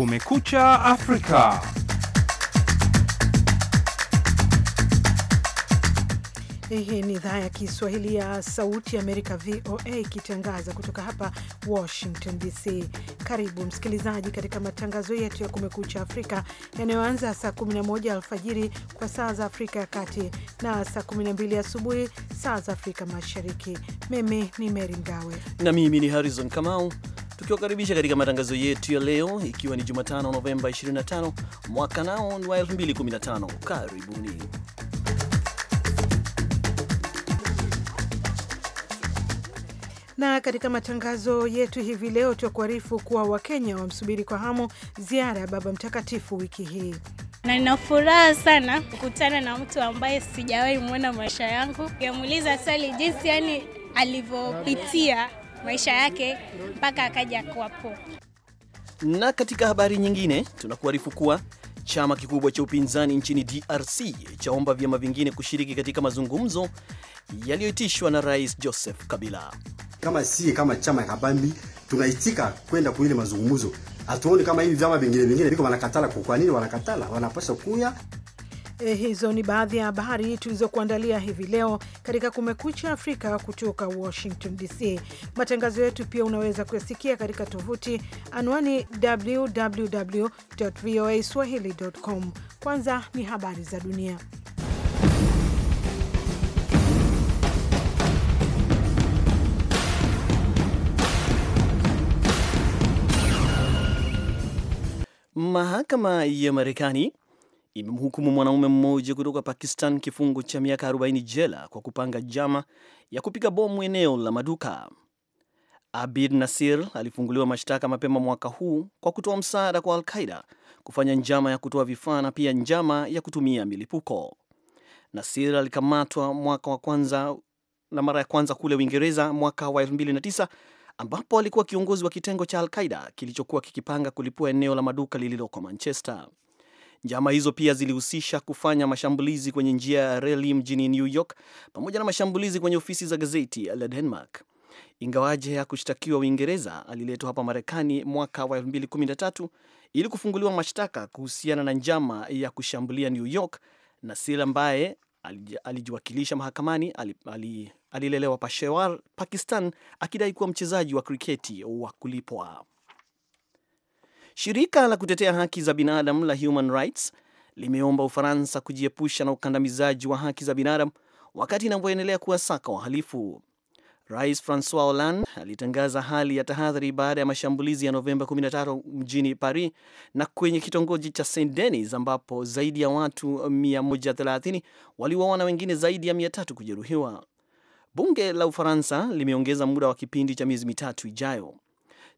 Kumekucha Afrika. Hii ni idhaa ya Kiswahili ya Sauti Amerika, VOA, ikitangaza kutoka hapa Washington DC. Karibu msikilizaji katika matangazo yetu ya Kumekucha Afrika yanayoanza saa 11 alfajiri kwa saa za Afrika ya Kati na saa 12 asubuhi saa za Afrika Mashariki. Mimi ni Meri Mgawe na mimi ni Harrison Kamau tukiwakaribisha katika matangazo yetu ya leo, ikiwa ni Jumatano Novemba 25 mwaka nao ni wa 2015. Karibuni. na katika matangazo yetu hivi leo twakuarifu kuwa Wakenya wamsubiri kwa hamu ziara ya Baba Mtakatifu wiki hii, na nina furaha sana kukutana na mtu ambaye sijawahi mwona maisha yangu, yamuuliza swali jinsi yani alivyopitia maisha yake mpaka akaja kuwapo. Na katika habari nyingine tunakuarifu kuwa chama kikubwa cha upinzani nchini DRC chaomba vyama vingine kushiriki katika mazungumzo yaliyoitishwa na Rais Joseph Kabila. Kama si kama chama kabambi tunaitika kwenda kuile mazungumzo, hatuoni kama hivi vyama vingine vingine viko wanakatala. Kwa nini wanakatala? wanapaswa kuya Eh, hizo ni baadhi ya habari tulizokuandalia hivi leo katika Kumekucha Afrika kutoka Washington DC. Matangazo yetu pia unaweza kuyasikia katika tovuti anwani www.voaswahili.com. Kwanza ni habari za dunia. Mahakama ya Marekani imemhukumu mwanaume mmoja kutoka Pakistan kifungo cha miaka 40 jela kwa kupanga njama ya kupiga bomu eneo la maduka. Abid Nasir alifunguliwa mashtaka mapema mwaka huu kwa kutoa msaada kwa alqaida kufanya njama ya kutoa vifaa na pia njama ya kutumia milipuko. Nasir alikamatwa mwaka wa kwanza na mara ya kwanza kule Uingereza mwaka wa 2009 ambapo alikuwa kiongozi wa kitengo cha alqaida kilichokuwa kikipanga kulipua eneo la maduka lililoko Manchester. Njama hizo pia zilihusisha kufanya mashambulizi kwenye njia ya reli mjini New York pamoja na mashambulizi kwenye ofisi za gazeti la Denmark. Ingawaje ya kushtakiwa Uingereza, aliletwa hapa Marekani mwaka wa 2013 ili kufunguliwa mashtaka kuhusiana na njama ya kushambulia New York. sil ambaye alijiwakilisha mahakamani alilelewa Peshawar, Pakistan, akidai kuwa mchezaji wa kriketi wa kulipwa. Shirika la kutetea haki za binadamu la Human Rights limeomba Ufaransa kujiepusha na ukandamizaji wa haki za binadamu wakati inapoendelea kuwasaka wahalifu. Rais Francois Hollande alitangaza hali ya tahadhari baada ya mashambulizi ya Novemba 13 mjini Paris na kwenye kitongoji cha Saint Denis ambapo zaidi ya watu 130 waliuawa na wengine zaidi ya 300 kujeruhiwa. Bunge la Ufaransa limeongeza muda wa kipindi cha miezi mitatu ijayo.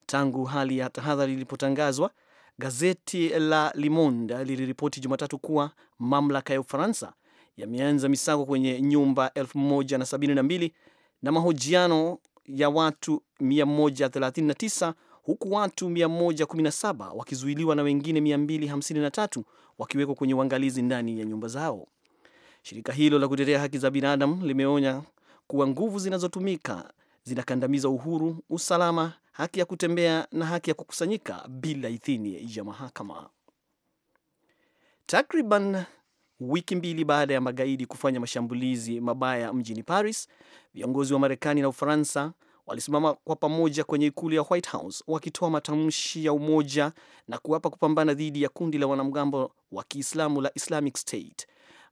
Tangu hali ya tahadhari ilipotangazwa, gazeti la Le Monde liliripoti Jumatatu kuwa mamlaka ya Ufaransa yameanza misako kwenye nyumba 1072 na, na mahojiano ya watu 139 huku watu 117 wakizuiliwa na wengine 253 wakiwekwa kwenye uangalizi ndani ya nyumba zao. Shirika hilo la kutetea haki za binadamu limeonya kuwa nguvu zinazotumika zinakandamiza uhuru, usalama haki ya kutembea na haki ya kukusanyika bila idhini ya mahakama. Takriban wiki mbili baada ya magaidi kufanya mashambulizi mabaya mjini Paris, viongozi wa Marekani na Ufaransa walisimama kwa pamoja kwenye ikulu ya White House wakitoa matamshi ya umoja na kuapa kupambana dhidi ya kundi la wanamgambo wa Kiislamu la Islamic State.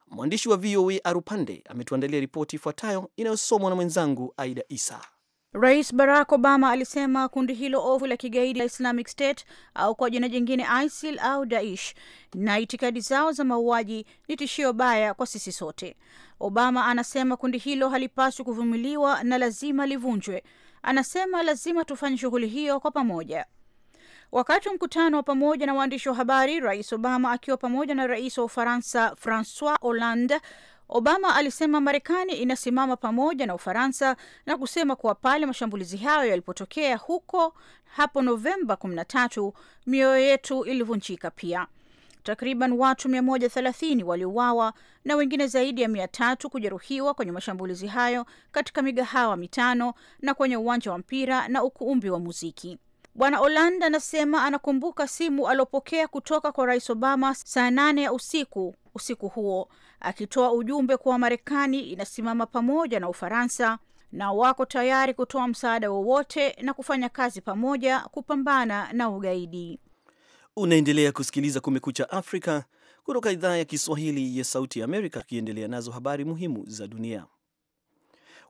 Mwandishi wa VOA Arupande ametuandalia ripoti ifuatayo inayosomwa na mwenzangu Aida Isa. Rais Barack Obama alisema kundi hilo ovu la kigaidi la Islamic State au kwa jina jingine ISIL au Daish na itikadi zao za mauaji ni tishio baya kwa sisi sote. Obama anasema kundi hilo halipaswi kuvumiliwa na lazima livunjwe. Anasema lazima tufanye shughuli hiyo kwa pamoja. Wakati wa mkutano wa pamoja na waandishi wa habari, Rais Obama akiwa pamoja na rais wa Ufaransa Francois Hollande Obama alisema Marekani inasimama pamoja na Ufaransa na kusema kuwa pale mashambulizi hayo yalipotokea huko hapo Novemba 13, mioyo yetu ilivunjika pia. Takriban watu 130 waliuawa na wengine zaidi ya 300 kujeruhiwa kwenye mashambulizi hayo katika migahawa mitano na kwenye uwanja wa mpira na ukumbi wa muziki. Bwana Oland anasema anakumbuka simu aliopokea kutoka kwa Rais Obama saa nane ya usiku usiku huo akitoa ujumbe kuwa Marekani inasimama pamoja na Ufaransa na wako tayari kutoa msaada wowote na kufanya kazi pamoja kupambana na ugaidi. Unaendelea kusikiliza Kumekucha Afrika kutoka idhaa ya Kiswahili ya Sauti ya Amerika, tukiendelea nazo habari muhimu za dunia.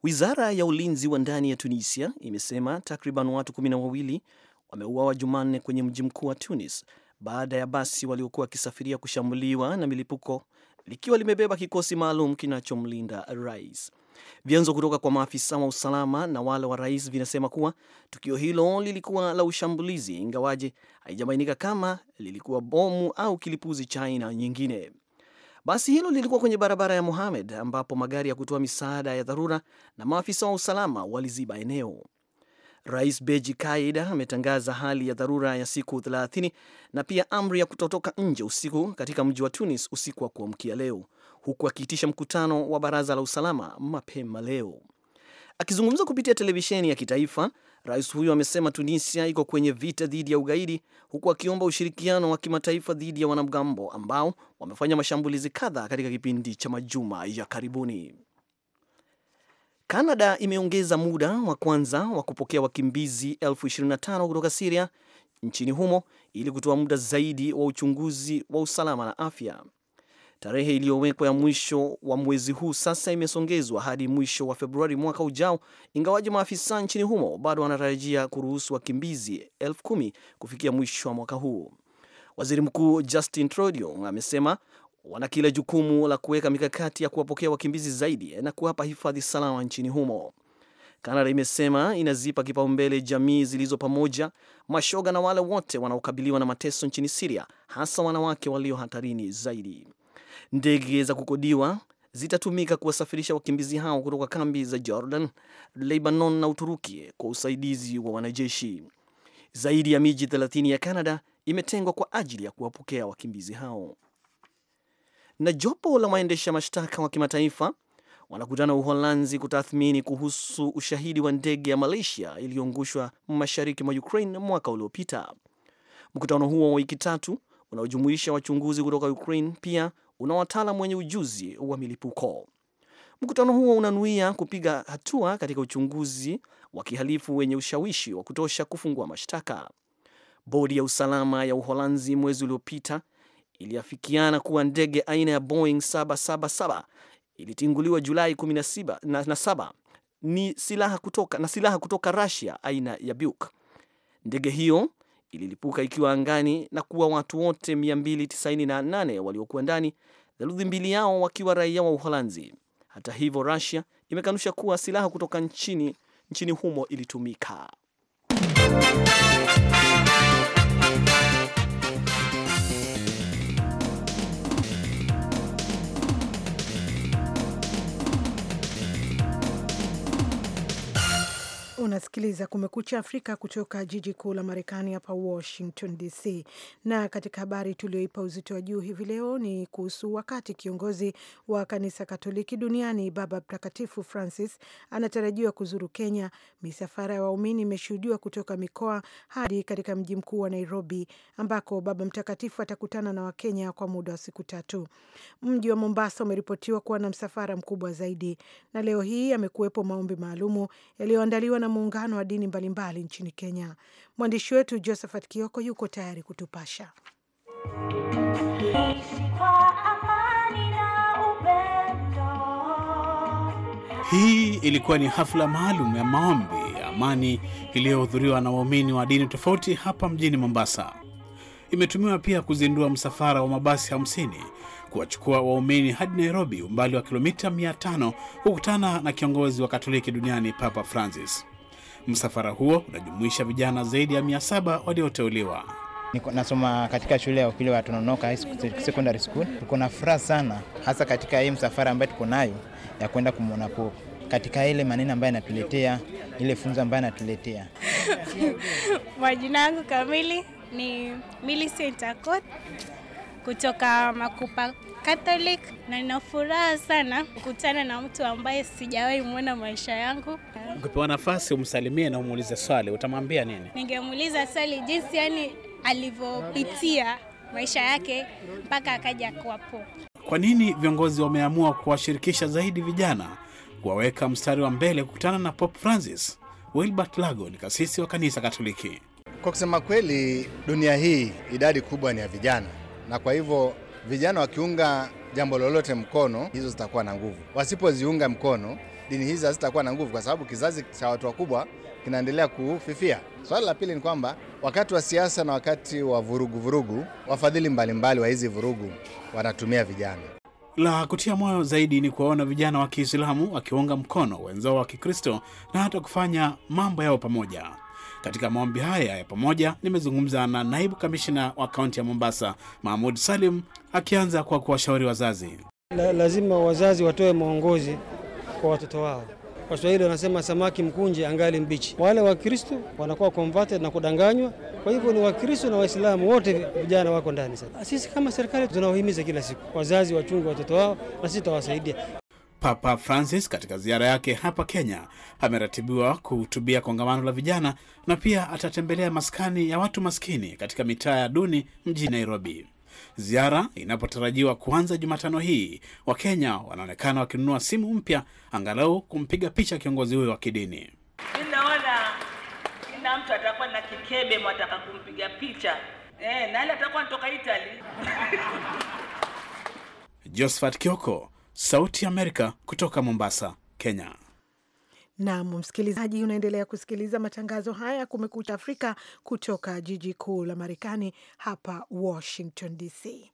Wizara ya ulinzi wa ndani ya Tunisia imesema takriban watu kumi na wawili wameuawa Jumanne kwenye mji mkuu wa Tunis baada ya basi waliokuwa wakisafiria kushambuliwa na milipuko likiwa limebeba kikosi maalum kinachomlinda rais. Vyanzo kutoka kwa maafisa wa usalama na wale wa rais vinasema kuwa tukio hilo lilikuwa la ushambulizi, ingawaje haijabainika kama lilikuwa bomu au kilipuzi cha aina nyingine. Basi hilo lilikuwa kwenye barabara ya Mohamed ambapo magari ya kutoa misaada ya dharura na maafisa wa usalama waliziba eneo. Rais Beji Kaida ametangaza hali ya dharura ya siku 30 na pia amri ya kutotoka nje usiku katika mji wa Tunis usiku wa kuamkia leo, huku akiitisha mkutano wa baraza la usalama mapema leo. Akizungumza kupitia televisheni ya kitaifa, rais huyo amesema Tunisia iko kwenye vita dhidi ya ugaidi, huku akiomba ushirikiano wa kimataifa dhidi ya wanamgambo ambao wamefanya mashambulizi kadhaa katika kipindi cha majuma ya karibuni. Kanada imeongeza muda wa kwanza wa kupokea wakimbizi elfu 25 kutoka Siria nchini humo ili kutoa muda zaidi wa uchunguzi wa usalama na afya. Tarehe iliyowekwa ya mwisho wa mwezi huu sasa imesongezwa hadi mwisho wa Februari mwaka ujao, ingawaji maafisa nchini humo bado wanatarajia kuruhusu wakimbizi elfu kumi kufikia mwisho wa mwaka huu. Waziri Mkuu Justin Trudeau amesema wana kila jukumu la kuweka mikakati ya kuwapokea wakimbizi zaidi na kuwapa hifadhi salama nchini humo. Kanada imesema inazipa kipaumbele jamii zilizo pamoja, mashoga na wale wote wanaokabiliwa na mateso nchini Siria, hasa wanawake walio hatarini zaidi. Ndege za kukodiwa zitatumika kuwasafirisha wakimbizi hao kutoka kambi za Jordan, Lebanon na Uturuki kwa usaidizi wa wanajeshi. Zaidi ya miji 30 ya Kanada imetengwa kwa ajili ya kuwapokea wakimbizi hao na jopo la waendesha mashtaka wa kimataifa wanakutana Uholanzi kutathmini kuhusu ushahidi wa ndege ya Malaysia iliyoangushwa mashariki mwa Ukraine mwaka uliopita. Mkutano huo wa wiki tatu unaojumuisha wachunguzi kutoka Ukraine pia una wataalam wenye ujuzi wa milipuko. Mkutano huo unanuia kupiga hatua katika uchunguzi wa kihalifu wenye ushawishi wa kutosha kufungua mashtaka. Bodi ya usalama ya Uholanzi mwezi uliopita iliafikiana kuwa ndege aina ya Boeing 777 ilitinguliwa Julai 17 ni silaha kutoka, na silaha kutoka Russia aina ya Buk. Ndege hiyo ililipuka ikiwa angani na kuwa watu wote 298 waliokuwa ndani, theluthi mbili yao wakiwa raia wa Uholanzi. Hata hivyo, Russia imekanusha kuwa silaha kutoka nchini, nchini humo ilitumika. Unasikiliza Kumekucha Afrika kutoka jiji kuu la Marekani, hapa Washington DC. Na katika habari tulioipa uzito wa juu hivi leo ni kuhusu wakati kiongozi wa kanisa Katoliki duniani Baba Mtakatifu Francis anatarajiwa kuzuru Kenya, misafara ya waumini imeshuhudiwa kutoka mikoa hadi katika mji mkuu wa Nairobi, ambako Baba Mtakatifu atakutana na Wakenya kwa muda wa siku tatu. Mji wa Mombasa umeripotiwa kuwa na msafara mkubwa zaidi, na leo hii amekuwepo maombi maalumu yaliyoandaliwa na muungano wa dini mbalimbali nchini Kenya. Mwandishi wetu Josephat Kioko yuko tayari kutupasha. Hii ilikuwa ni hafla maalum ya maombi ya amani iliyohudhuriwa na waumini wa dini tofauti hapa mjini Mombasa. Imetumiwa pia kuzindua msafara wa mabasi 50 kuwachukua waumini hadi Nairobi, umbali wa kilomita 500 kukutana na kiongozi wa Katoliki duniani Papa Francis. Msafara huo unajumuisha vijana zaidi ya 700 walioteuliwa. nasoma katika shule ya upili wa Tononoka Secondary School. Tuko na furaha sana, hasa katika hii msafara ambayo tuko nayo ya kwenda kumwona Pope, katika ile maneno ambayo anatuletea ile funzo ambayo anatuletea. Majina yangu kamili ni Millicent Akot kutoka Makupa Catholic na nina furaha sana kukutana na mtu ambaye sijawahi mwona maisha yangu. Ukipewa nafasi umsalimie na umuulize swali, utamwambia nini? Ningemuuliza swali jinsi yani alivyopitia maisha yake mpaka akaja kuwa Kwa nini viongozi wameamua kuwashirikisha zaidi vijana, kuwaweka mstari wa mbele kukutana na Pope Francis? Wilbert Lago ni kasisi wa kanisa Katoliki. Kwa kusema kweli, dunia hii idadi kubwa ni ya vijana, na kwa hivyo Vijana wakiunga jambo lolote mkono, hizo zitakuwa na nguvu. Wasipoziunga mkono, dini hizi hazitakuwa na nguvu, kwa sababu kizazi cha watu wakubwa kinaendelea kufifia. Swala la pili ni kwamba wakati wa siasa na wakati wa vuruguvurugu vurugu, wafadhili mbalimbali wa hizi vurugu wanatumia vijana. La kutia moyo zaidi ni kuwaona vijana wa Kiislamu wakiunga mkono wenzao wa Kikristo na hata kufanya mambo yao pamoja. Katika maombi haya ya pamoja, nimezungumza na naibu kamishina wa kaunti ya Mombasa, Mahmud Salim, akianza kwa kuwashauri wazazi. La, lazima wazazi watoe mwongozi kwa watoto wao. Waswahili wanasema samaki mkunje angali mbichi. Wale Wakristo wanakuwa converted na kudanganywa. Kwa hivyo ni Wakristo na Waislamu wote vijana wako ndani. Sasa sisi kama serikali tunawahimiza kila siku wazazi wachunge watoto wao, na sisi tutawasaidia. Papa Francis katika ziara yake hapa Kenya ameratibiwa kuhutubia kongamano la vijana na pia atatembelea maskani ya watu maskini katika mitaa ya duni mjini Nairobi. Ziara inapotarajiwa kuanza Jumatano hii, Wakenya wanaonekana wakinunua simu mpya angalau kumpiga picha kiongozi huyo wa kidini. Ninaona kila mtu atakuwa na kikebe, mwataka kumpiga picha e, na ile atakuwa natoka Itali. Josephat Kioko Sauti Amerika kutoka Mombasa, Kenya. Nam msikilizaji, unaendelea kusikiliza matangazo haya Kumekucha Afrika kutoka jiji kuu la Marekani, hapa Washington DC.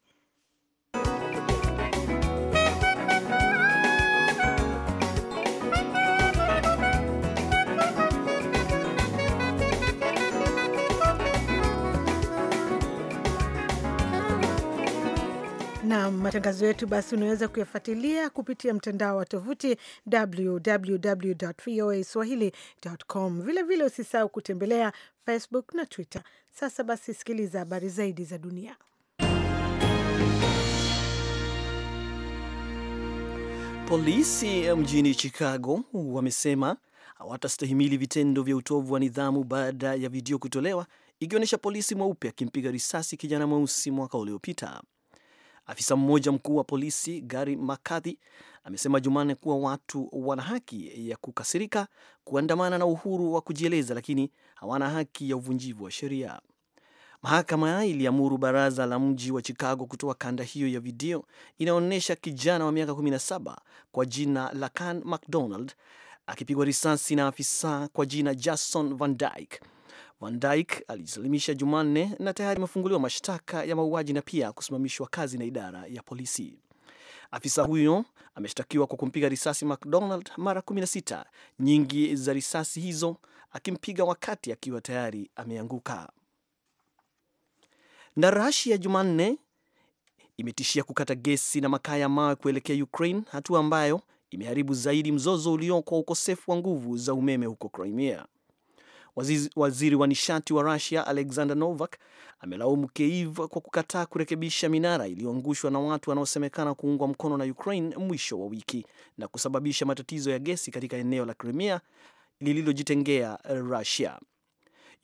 na matangazo yetu basi unaweza kuyafuatilia kupitia mtandao wa tovuti swahilicom. Vilevile usisahau kutembelea Facebook na Twitter. Sasa basi, sikiliza habari zaidi za dunia. Polisi mjini Chicago wamesema hawatastahimili vitendo vya utovu wa nidhamu baada ya video kutolewa ikionyesha polisi mweupe akimpiga risasi kijana mweusi mwaka uliopita. Afisa mmoja mkuu wa polisi Gary McCarthy amesema Jumanne kuwa watu wana haki ya kukasirika, kuandamana na uhuru wa kujieleza, lakini hawana haki ya uvunjivu wa sheria. Mahakama iliamuru baraza la mji wa Chicago kutoa kanda hiyo ya video inaonyesha kijana wa miaka 17 kwa jina la Lakan McDonald akipigwa risasi na afisa kwa jina Jason Van Dyke Van Dijk alijisalimisha Jumanne na tayari amefunguliwa mashtaka ya mauaji na pia kusimamishwa kazi na idara ya polisi. Afisa huyo ameshtakiwa kwa kumpiga risasi McDonald mara 16, nyingi za risasi hizo akimpiga wakati akiwa tayari ameanguka. Na Rasia Jumanne imetishia kukata gesi na makaa ya mawe kuelekea Ukraine, hatua ambayo imeharibu zaidi mzozo ulioko wa ukosefu wa nguvu za umeme huko Crimea. Waziz, waziri wa nishati wa russia Alexander Novak amelaumu Kiev kwa kukataa kurekebisha minara iliyoangushwa na watu wanaosemekana kuungwa mkono na Ukraine mwisho wa wiki na kusababisha matatizo ya gesi katika eneo la Crimea lililojitengea russia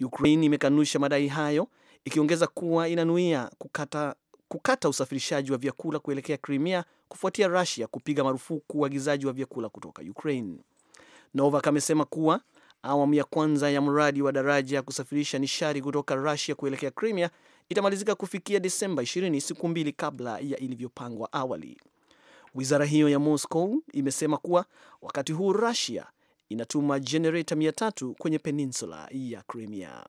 Ukraine imekanusha madai hayo ikiongeza kuwa inanuia kukata, kukata usafirishaji wa vyakula kuelekea Crimea kufuatia rasia kupiga marufuku uagizaji wa, wa vyakula kutoka Ukraine. Novak amesema kuwa Awamu ya kwanza ya mradi wa daraja ya kusafirisha nishati kutoka Russia kuelekea Crimea itamalizika kufikia Desemba 20, siku mbili kabla ya ilivyopangwa awali. Wizara hiyo ya Moscow imesema kuwa wakati huu Russia inatuma jenereta 300 kwenye peninsula ya Crimea.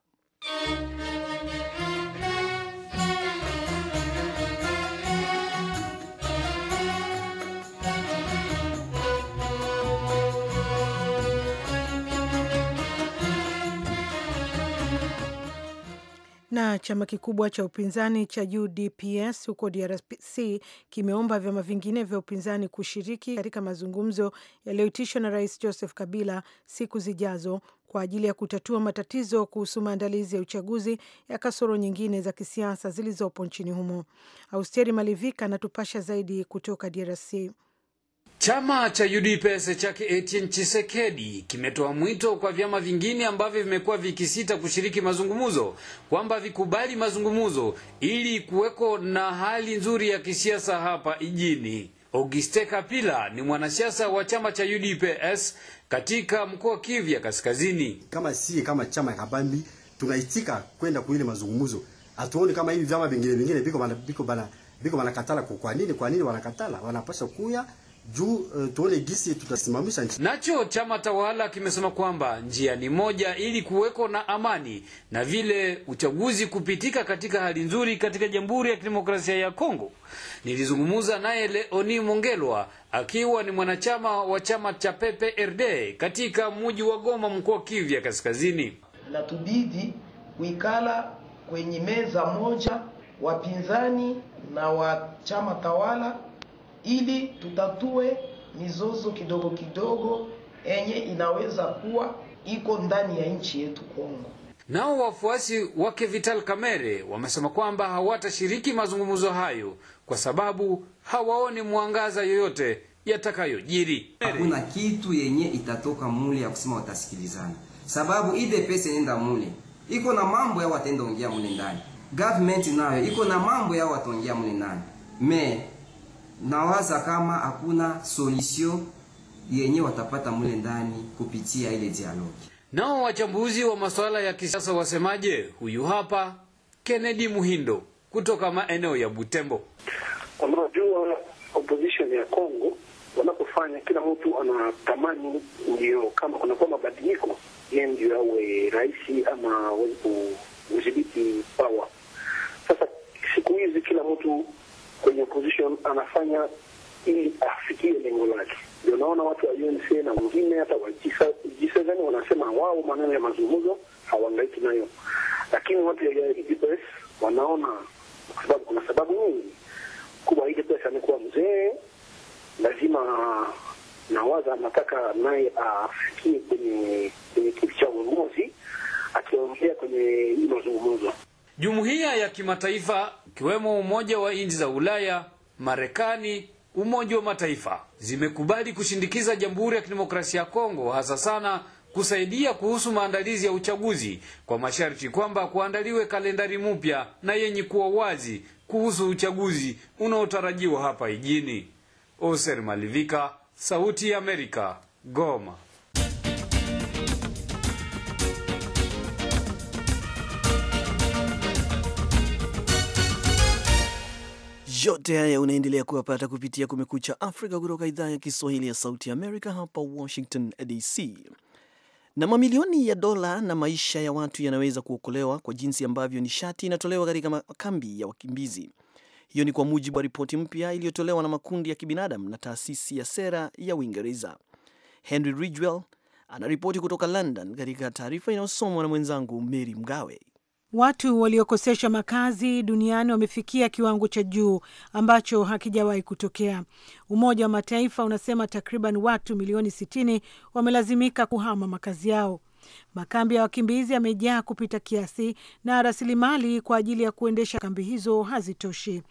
Na chama kikubwa cha upinzani cha UDPS huko DRC kimeomba vyama vingine vya upinzani kushiriki katika mazungumzo yaliyoitishwa na Rais Joseph Kabila siku zijazo kwa ajili ya kutatua matatizo kuhusu maandalizi ya uchaguzi ya kasoro nyingine za kisiasa zilizopo nchini humo. Austeri Malivika anatupasha zaidi kutoka DRC. Chama cha UDPS chake Etienne Chisekedi kimetoa mwito kwa vyama vingine ambavyo vimekuwa vikisita kushiriki mazungumzo kwamba vikubali mazungumzo ili kuweko na hali nzuri ya kisiasa hapa ijini. Auguste Kapila ni mwanasiasa wa chama cha UDPS katika mkoa Kivu ya Kaskazini. Kama si kama chama ya kabambi tunaitika kwenda kuile mazungumzo. Hatuoni kama hivi vyama vingine vingine viko bana viko bana viko bana katala. kwa nini? Kwa nini wanakatala? Wanapaswa kuya juu uh, tuone gisi tutasimamisha nchi. Nacho chama tawala kimesema kwamba njia ni moja ili kuweko na amani na vile uchaguzi kupitika katika hali nzuri katika Jamhuri ya Kidemokrasia ya Kongo. Nilizungumza naye Leoni Mongelwa akiwa ni mwanachama wa chama cha PPRD katika mji wa Goma, mkoa Kivu ya Kaskazini. Natubidi kuikala kwenye meza moja wapinzani na wa chama tawala ili tutatue mizozo kidogo kidogo enye inaweza kuwa iko ndani ya nchi yetu Kongo. Nao wafuasi wake Vital Kamerhe wamesema kwamba hawatashiriki mazungumzo hayo kwa sababu hawaoni mwangaza yoyote yatakayojiri. Hakuna kitu yenye itatoka mule ya kusema watasikilizana, sababu ile pesa inaenda mule, iko na mambo yao wataenda ongea mule ndani. Government nayo iko na mambo yao wataongea mule ndani me nawaza kama hakuna solution yenye watapata mule ndani kupitia ile dialogi. Nao wachambuzi wa masuala ya kisiasa wasemaje? Huyu hapa Kennedy Muhindo kutoka maeneo ya Butembo. Unajua, opposition ya Kongo wanapofanya, kila mtu anatamani ndio kama kunakuwa mabadiliko, yeye ndio awe rais ama udhibiti power. Sasa siku hizi kila mtu kwenye opposition anafanya ili afikie lengo lake. Ndio naona watu wa UNC na wengine hata wa G7 wanasema wao maneno ya mazungumzo hawangaiki nayo, lakini watu ya UDPS wanaona, kwa sababu kuna sababu nyingi kuwa UDPS amekuwa mzee, lazima nawaza anataka naye afikie kwenye kiti cha uongozi, akiongea kwenye hii mazungumzo Jumuiya ya kimataifa ikiwemo Umoja wa Nchi za Ulaya, Marekani, Umoja wa Mataifa zimekubali kushindikiza Jamhuri ya Kidemokrasia ya Kongo hasa sana kusaidia kuhusu maandalizi ya uchaguzi kwa masharti kwamba kuandaliwe kalendari mpya na yenye kuwa wazi kuhusu uchaguzi unaotarajiwa hapa ijini. Oser Malivika, Sauti ya Amerika, Goma. Yote haya unaendelea kuyapata kupitia Kumekucha Afrika kutoka idhaa ya Kiswahili ya Sauti Amerika hapa Washington DC. Na mamilioni ya dola na maisha ya watu yanaweza kuokolewa kwa jinsi ambavyo nishati inatolewa katika makambi ya wakimbizi. Hiyo ni kwa mujibu wa ripoti mpya iliyotolewa na makundi ya kibinadamu na taasisi ya sera ya Uingereza. Henry Ridgwell anaripoti kutoka London katika taarifa inayosomwa na mwenzangu Mary Mgawe. Watu waliokoseshwa makazi duniani wamefikia kiwango cha juu ambacho hakijawahi kutokea. Umoja wa Mataifa unasema takriban watu milioni 60 wamelazimika kuhama makazi yao. Makambi ya wakimbizi yamejaa kupita kiasi na rasilimali kwa ajili ya kuendesha kambi hizo hazitoshi.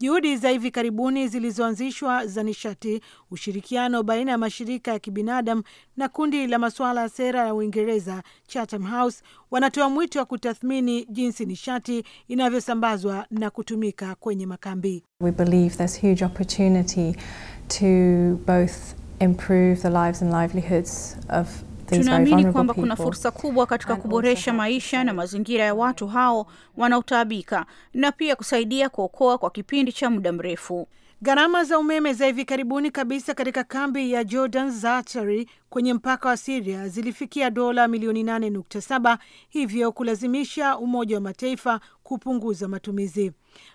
Juhudi za hivi karibuni zilizoanzishwa za nishati, ushirikiano baina ya mashirika ya kibinadamu na kundi la masuala ya sera ya Uingereza, Chatham House, wanatoa mwito wa kutathmini jinsi nishati inavyosambazwa na kutumika kwenye makambi. We believe there's huge opportunity to both improve the lives and livelihoods of Tunaamini kwamba kuna fursa kubwa katika kuboresha maisha na mazingira ya watu hao wanaotaabika na pia kusaidia kuokoa kwa kipindi cha muda mrefu. Gharama za umeme za hivi karibuni kabisa katika kambi ya Jordan zatari kwenye mpaka wa Siria zilifikia dola milioni 8.7, hivyo kulazimisha Umoja wa Mataifa kupunguza matumizi.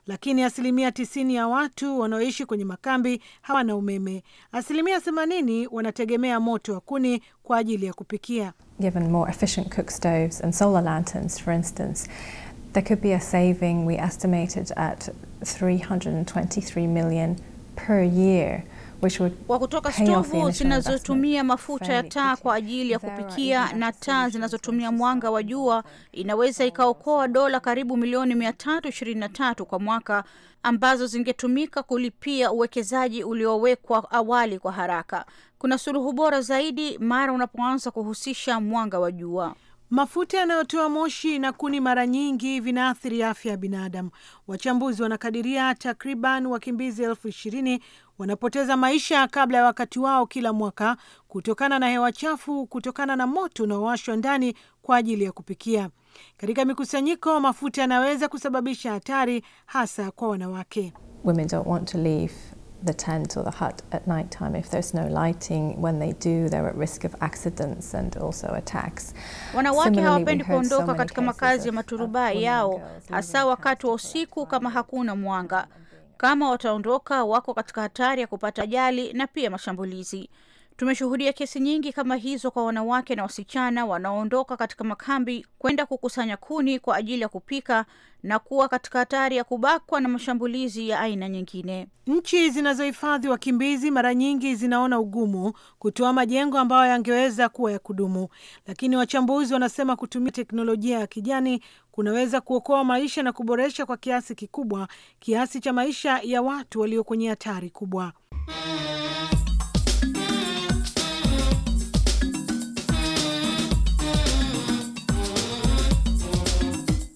Lakini asilimia 90 ya watu wanaoishi kwenye makambi hawana umeme. Asilimia 80 wanategemea moto wa kuni kwa ajili ya kupikia. Given more efficient cook stoves and solar lanterns, for instance, there could be a saving we estimated at 323 million per year kwa kutoka stovu zinazotumia mafuta ya taa kwa ajili ya kupikia na taa zinazotumia mwanga wa jua inaweza ikaokoa dola karibu milioni 323 kwa mwaka ambazo zingetumika kulipia uwekezaji uliowekwa awali kwa haraka. Kuna suluhu bora zaidi mara unapoanza kuhusisha mwanga wa jua. Mafuta yanayotoa moshi na kuni mara nyingi vinaathiri afya ya binadamu. Wachambuzi wanakadiria takriban wakimbizi elfu ishirini wanapoteza maisha kabla ya wakati wao kila mwaka kutokana na hewa chafu kutokana na moto unaowashwa ndani kwa ajili ya kupikia. Katika mikusanyiko, mafuta yanaweza kusababisha hatari hasa kwa wanawake. Women don't want to leave the tent or the hut at night time. If there's no lighting, when they do, they're at risk of accidents and also attacks. Wanawake hawapendi kuondoka katika makazi ya maturubai yao, hasa wakati wa usiku kama hakuna mwanga. Kama wataondoka, wako katika hatari ya kupata ajali na pia mashambulizi. Tumeshuhudia kesi nyingi kama hizo kwa wanawake na wasichana wanaoondoka katika makambi kwenda kukusanya kuni kwa ajili ya kupika na kuwa katika hatari ya kubakwa na mashambulizi ya aina nyingine. Nchi zinazohifadhi wakimbizi mara nyingi zinaona ugumu kutoa majengo ambayo yangeweza kuwa ya kudumu, lakini wachambuzi wanasema kutumia teknolojia ya kijani kunaweza kuokoa maisha na kuboresha kwa kiasi kikubwa kiasi cha maisha ya watu walio kwenye hatari kubwa.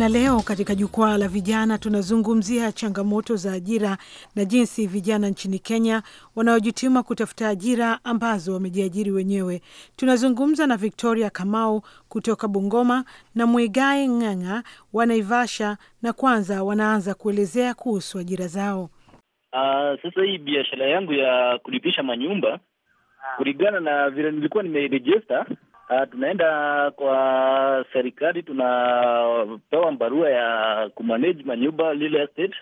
Na leo katika jukwaa la vijana tunazungumzia changamoto za ajira na jinsi vijana nchini Kenya wanaojituma kutafuta ajira ambazo wamejiajiri wenyewe. Tunazungumza na Victoria Kamau kutoka Bungoma na Mwigae Ng'ang'a wa Naivasha, na kwanza wanaanza kuelezea kuhusu ajira zao. Uh, sasa hii biashara yangu ya kulipisha manyumba kulingana na vile nilikuwa nimerejista Uh, tunaenda kwa serikali tunapewa barua ya kumanage manyumba lile estate,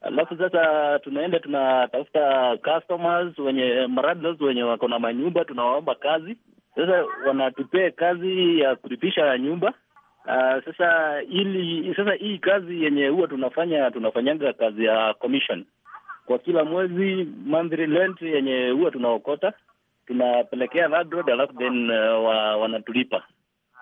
alafu sasa tunaenda tunatafuta customers wenye maradlos wenye wako na manyumba, tunawaomba kazi. Sasa wanatupea kazi ya kuripisha nyumba. Uh, sasa ili sasa hii kazi yenye huwa tunafanya tunafanyanga kazi ya commission kwa kila mwezi, monthly rent yenye huwa tunaokota tunapelekea Nadroad alafu then uh, wa, wanatulipa.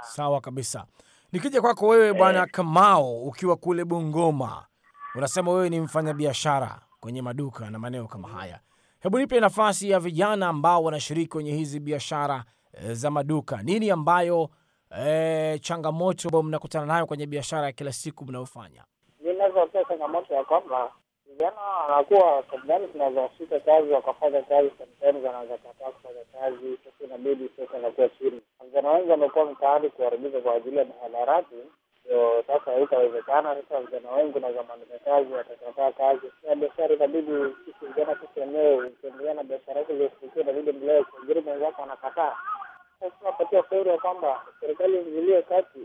Sawa kabisa. Nikija kwako wewe eh. bwana eh, Kamao, ukiwa kule Bungoma, unasema wewe ni mfanyabiashara kwenye maduka na maeneo kama haya, hebu nipe nafasi ya vijana ambao wanashiriki kwenye hizi biashara eh, za maduka, nini ambayo e, changamoto ambayo mnakutana nayo kwenye biashara ya kila siku mnayofanya? Mi pia changamoto ya kwamba vijana wanakuwa kampeni zinazoshika kazi wakafanya kazi, kampeni kataa kufanya kazi. Sasa inabidi sasa inakuwa chini, vijana wengi wamekuwa mtaani kuharibika kwa ajili ya mihadarati. Ndio sasa haitawezekana. Sasa vijana wengi unazamanisha kazi, watakataa kazi ya biashara. Inabidi sisi vijana sisi wenyewe ukiendelea na biashara yako iliyofikia, inabidi mlee kuajiri mwenzako, anakataa tunapatia ya kwamba serikali iingilie kati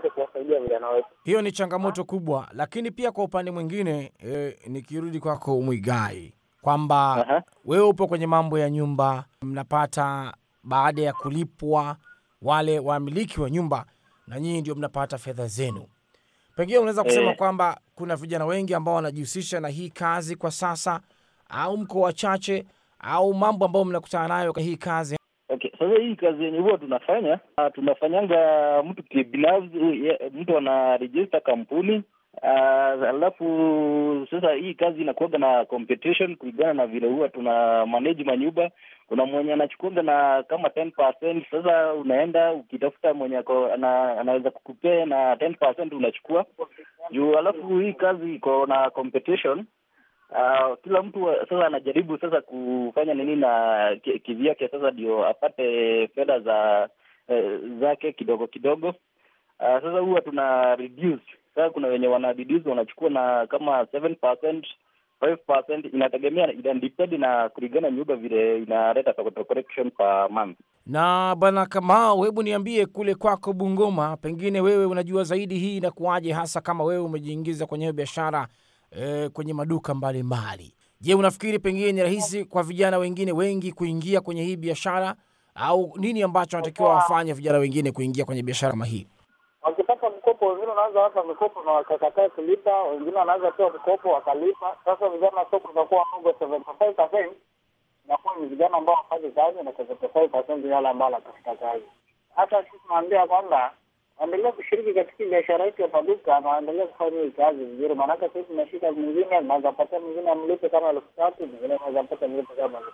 ili kuwasaidia vijana wetu. Hiyo ni changamoto kubwa, lakini pia kwa upande mwingine e, nikirudi kwako Mwigai kwamba uh -huh. Wewe upo kwenye mambo ya nyumba, mnapata baada ya kulipwa wale wamiliki wa nyumba, na nyinyi ndio mnapata fedha zenu. Pengine unaweza kusema e, kwamba kuna vijana wengi ambao wanajihusisha na hii kazi kwa sasa, au mko wachache, au mambo ambayo mnakutana nayo kwa hii kazi Okay, sasa hii kazi yenye huwa tunafanya ah, tunafanyanga mtu kibinafsi, eh, mtu register kampuni ah, alafu sasa hii kazi inakuwaga na competition kulingana na vile huwa tuna manage manyumba. Kuna mwenye anachukuaga na kama 10%. Sasa unaenda ukitafuta mwenye ana, anaweza kukupea na 10% unachukua juu, alafu hii kazi iko na competition uh, kila mtu sasa anajaribu sasa kufanya nini na kivyake, sasa ndio apate fedha za uh, zake kidogo kidogo. Uh, sasa huwa tuna reduce. Sasa kuna wenye wana reduce wanachukua na kama 7%, 5% inategemea, inadepend na kulingana nyumba vile inaleta correction per month. Na bwana Kamau, hebu niambie kule kwako Bungoma, pengine wewe unajua zaidi hii inakuwaje, hasa kama wewe umejiingiza kwenye biashara e, kwenye maduka mbalimbali. Je, unafikiri pengine ni rahisi kwa vijana wengine wengi kuingia kwenye hii biashara au nini ambacho wanatakiwa wafanye vijana wengine kuingia kwenye biashara kama hii? Wakipata mkopo, wengine wanaweza hata mikopo na wakakataa kulipa, wengine wanaweza pewa mkopo wakalipa. Sasa vijana, soko itakuwa ndogo, inakuwa ni vijana ambao wafanye kazi na yale ambao anatafuta kazi. Hata sisi tunaambia kwamba waendelee kushiriki katika biashara yetu ya paduka na waendelee kufanya hii kazi vizuri, maanake sisi tunashika mwingine, naweza pata mwingine amlipe kama elfu tatu mwingine naweza pata mlipe kama elfu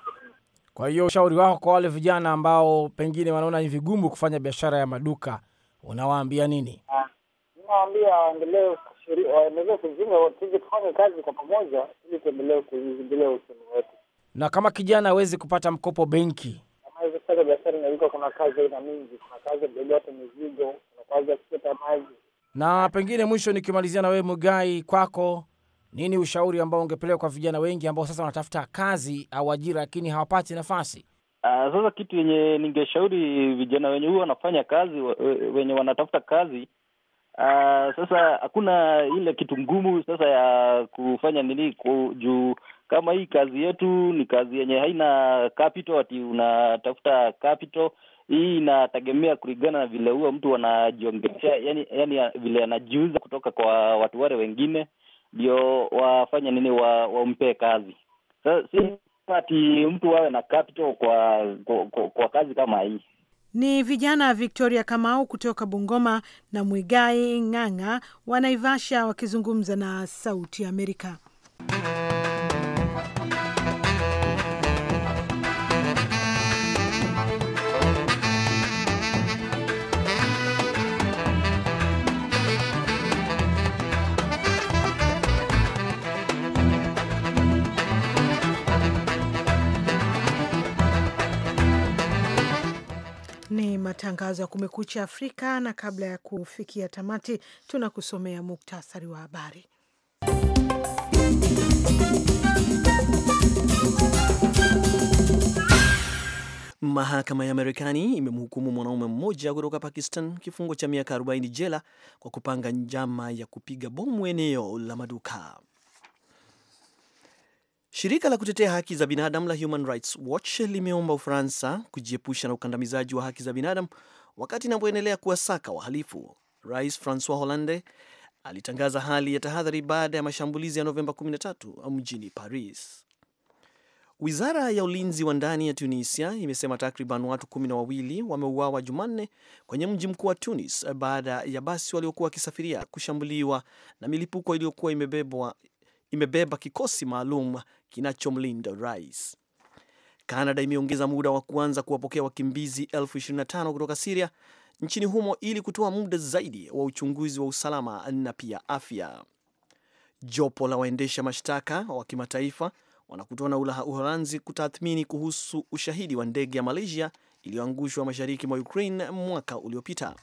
Kwa hiyo ushauri wako kwa wale vijana ambao pengine wanaona ni vigumu kufanya biashara ya maduka unawaambia nini? Ah, Nawaambia waendelee waendelee kuzinga, tuje tufanye kazi kwa pamoja ili tuendelee kuzingilia uchumi wetu. Na kama kijana hawezi kupata mkopo benki, kama hizi biashara inaliko, kuna kazi aina mingi, kuna kazi ya kubeba mizigo kuweza kuchota maji. Na pengine mwisho, nikimalizia na wewe Mugai, kwako nini ushauri ambao ungepelekwa kwa vijana wengi ambao sasa wanatafuta kazi au ajira lakini hawapati nafasi? Uh, sasa kitu yenye ningeshauri vijana wenye huwa wanafanya kazi wenye wanatafuta kazi Uh, sasa hakuna ile kitu ngumu sasa ya kufanya nini juu, kama hii kazi yetu ni kazi yenye haina capital, ati unatafuta capital hii inategemea kulingana na vile huo mtu anajiongezea, yani, yani vile anajiuza kutoka kwa watu wale wengine, ndio wafanye nini, wa, wampee kazi. So, si ati mtu awe na capital kwa, kwa, kwa, kwa kazi kama hii. Ni vijana Victoria Kamau kutoka Bungoma na Mwigai Ng'ang'a wa Naivasha wakizungumza na Sauti Amerika. matangazo ya Kumekucha Afrika, na kabla ya kufikia tamati, tunakusomea muktasari wa habari. Mahakama ya Marekani imemhukumu mwanaume mmoja kutoka Pakistan kifungo cha miaka 40 jela kwa kupanga njama ya kupiga bomu eneo la maduka. Shirika la kutetea haki za binadamu la Human Rights Watch limeomba Ufaransa kujiepusha na ukandamizaji wa haki za binadamu wakati inapoendelea kuwasaka wahalifu. Rais Francois Hollande alitangaza hali ya tahadhari baada ya mashambulizi ya Novemba 13 mjini Paris. Wizara ya ulinzi wa ndani ya Tunisia imesema takriban watu kumi na wawili wameuawa Jumanne kwenye mji mkuu wa Tunis baada ya basi waliokuwa wakisafiria kushambuliwa na milipuko iliyokuwa imebebwa imebeba kikosi maalum kinachomlinda rais. Kanada imeongeza muda wa kuanza kuwapokea wakimbizi elfu 25 kutoka Siria nchini humo ili kutoa muda zaidi wa uchunguzi wa usalama na pia afya. Jopo la waendesha mashtaka wa kimataifa wanakutana Uholanzi kutathmini kuhusu ushahidi wa ndege ya Malaysia iliyoangushwa mashariki mwa Ukraine mwaka uliopita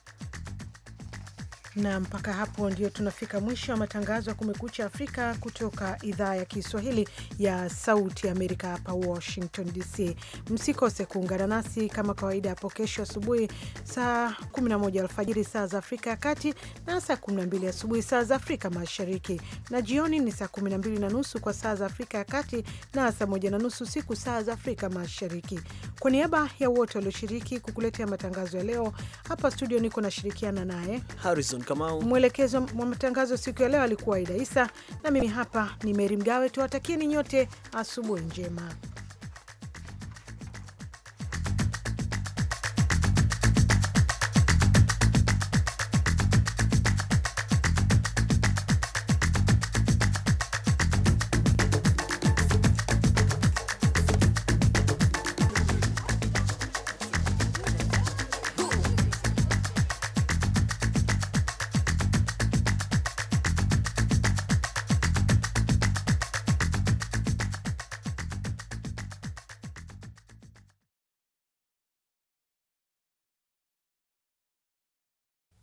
na mpaka hapo ndio tunafika mwisho wa matangazo ya Kumekucha Afrika kutoka idhaa ya Kiswahili ya Sauti Amerika hapa Washington DC. Msikose kuungana nasi kama kawaida hapo kesho asubuhi saa 11 alfajiri saa za Afrika ya Kati na saa 12 asubuhi saa za Afrika Mashariki, na jioni ni saa 12 na nusu kwa saa za Afrika ya Kati na saa 1 na nusu siku saa za Afrika Mashariki. Kwa niaba ya wote walioshiriki kukuletea matangazo ya leo hapa studio, niko nashirikiana naye Harrison Kamau. Mwelekezo wa matangazo siku ya leo alikuwa Aida Isa, na mimi hapa ni Meri Mgawe. Tuwatakieni nyote asubuhi njema.